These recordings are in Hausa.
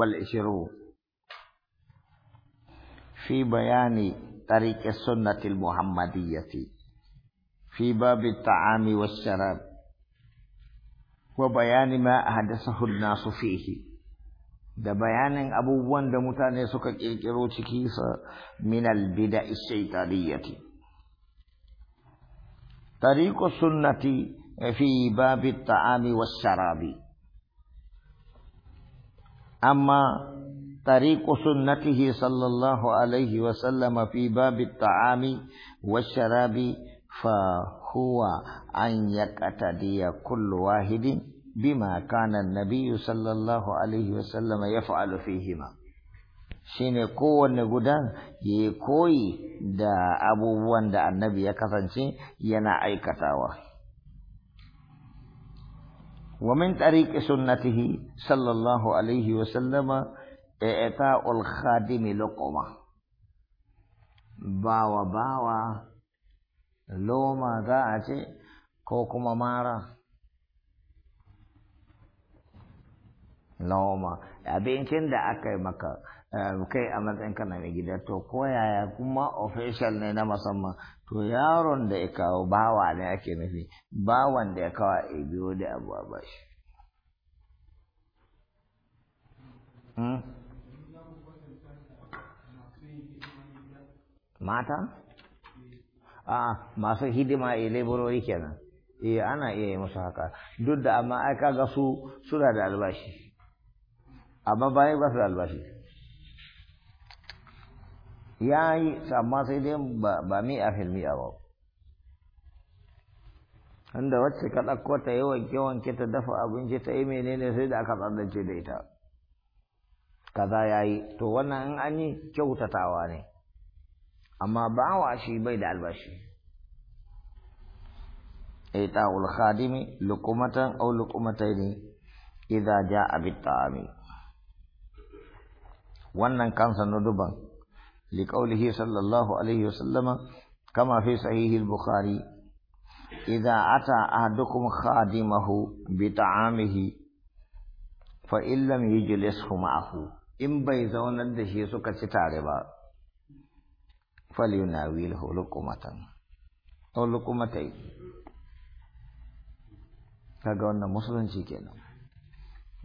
والعشرون في بيان طريق السنة المحمدية في باب الطعام والشراب وبيان ما أحدثه الناس فيه ده بيان أبوان ده متاني سكك كيسا من البدع الشيطانية طريق السنة في باب الطعام والشراب amma tariku sunnatihi sallallahu alaihi wasallam fi babit ta'ami washarabi fa huwa an yaqtadiya kullu wahidin bima kana an-nabiy sallallahu alaihi wasallam yaf'alu fihima shine kowanne gudan ya koyi da abubuwan da annabi ya kasance yana aikatawa. ومن طريق سنته صلى الله عليه وسلم إعطاء الخادم لقمة باوا باوا لوما ذا كوكما مارا لوما أبين كندا aka yi Eh, kai a matsayin kana mai gida to ko yaya kuma official ne na musamman to yaron da ya kawo bawa ne ake nufi bawan da ya kawo a biyo da abu a bashi hmm? mata a masu hidima a laborori kenan eh ana iya yi musu haka duk da amma aika ga su suna da albashi amma bayan ba su da albashi yayi yi amma sai dai ba mi a filmi a ba inda wacce ka ɗauko ta yi wanke-wanke ta dafa abinci ta yi menene sai da aka tsallace da ita kaza ya yi to wannan in an yi kyautatawa ne amma wa shi bai da albashi إيتاء الخادم لقمة أو لقمتين إذا جاء بالطعام wannan kansa na duban لقوله صلى الله عليه وسلم كما في صحيح البخاري إذا أتى أحدكم خادمه بطعامه فإن لم يجلسه معه إن بيزون الدشي سكة تاربا فليناوله لقمة أو لقمتين kaga مسلم musulunci kenan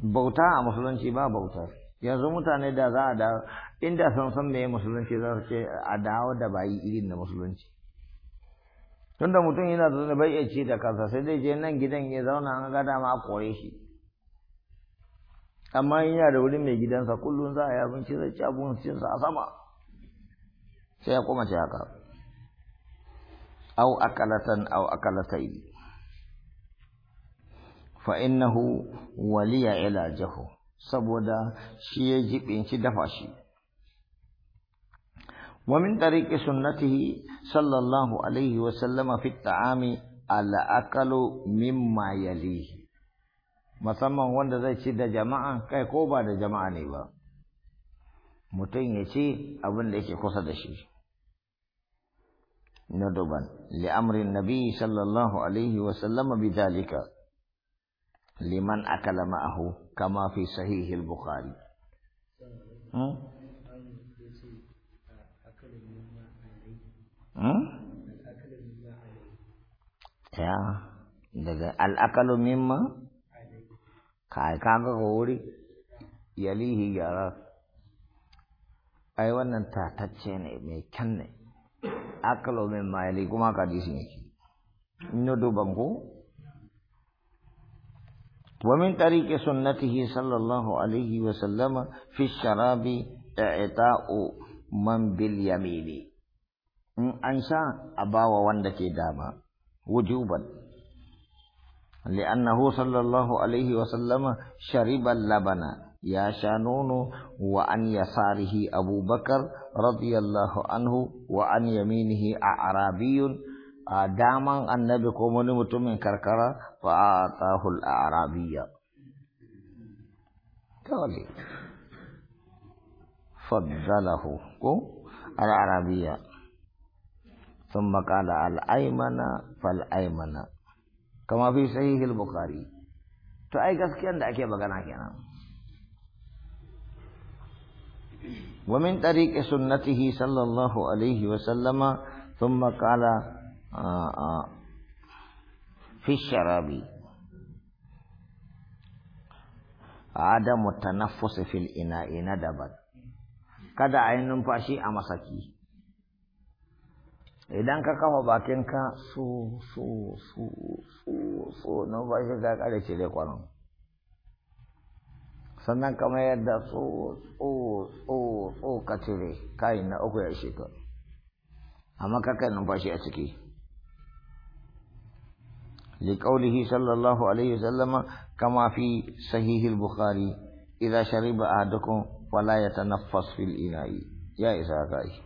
bauta a musulunci ba bautar yanzu mutane da za a dawo inda sun san me musulunci za su ce a dawo da bayi irin da musulunci tunda mutum yana da bai iya ci da kansa sai dai je nan gidan ya zauna an ga dama a kore shi amma yana da wurin mai gidansa kullum za a yi abinci zai ci abincinsa a sama sai ya koma ce haka au akalatan au akalatai fa innahu waliya ilajahu saboda shi ya jibinci dafa shi wamin min sunnatihi sallallahu alaihi wa sallama fi ta'ami al mimma yalihi musamman wanda zai ci da jama'a kai ko ba da jama'a ne ba mutum ya ci abin da yake kusa da shi ندبا لأمر النبي صلى الله عليه وسلم بذلك liman akala ma'ahu kama fi sahihil bukhari hmm? Hmm? ya daga al'akalu mimma kai kaga wuri yalihi yara ai wannan tatacce ne mai kyan ne akalo mai yali kuma ka kadisi ne ino duban ko ومن طريق سنته صلى الله عليه وسلم في الشراب اعطاء من باليمين انسى ابا وند كداما وجوبا لانه صلى الله عليه وسلم شرب اللبن يا شانون وان يساره ابو بكر رضي الله عنه وان يمينه اعرابي a daman annabi ko wani mutumin karkara fa a tahul arabiya kawai faddalahu ko arabiya sun makala al'aimana fal'aimana kama fi sahihil bukari to ai gaskiyan da ake magana kenan ومن طريق سنته صلى الله عليه وسلم ثم قال آآ في الشراب عدم التنفس في الإناء ندبت kada a yi numfashi a masaki idan ka kafa bakinka su su su su su numfashi ga kare cire kwanon sannan kamar yadda su su su su ka cire kayi na uku ya shi ka amma ka kai numfashi a ciki لقوله صلى الله عليه وسلم كما في صحيح البخاري إذا شرب أحدكم فلا يتنفس في الإناء يا إسحاق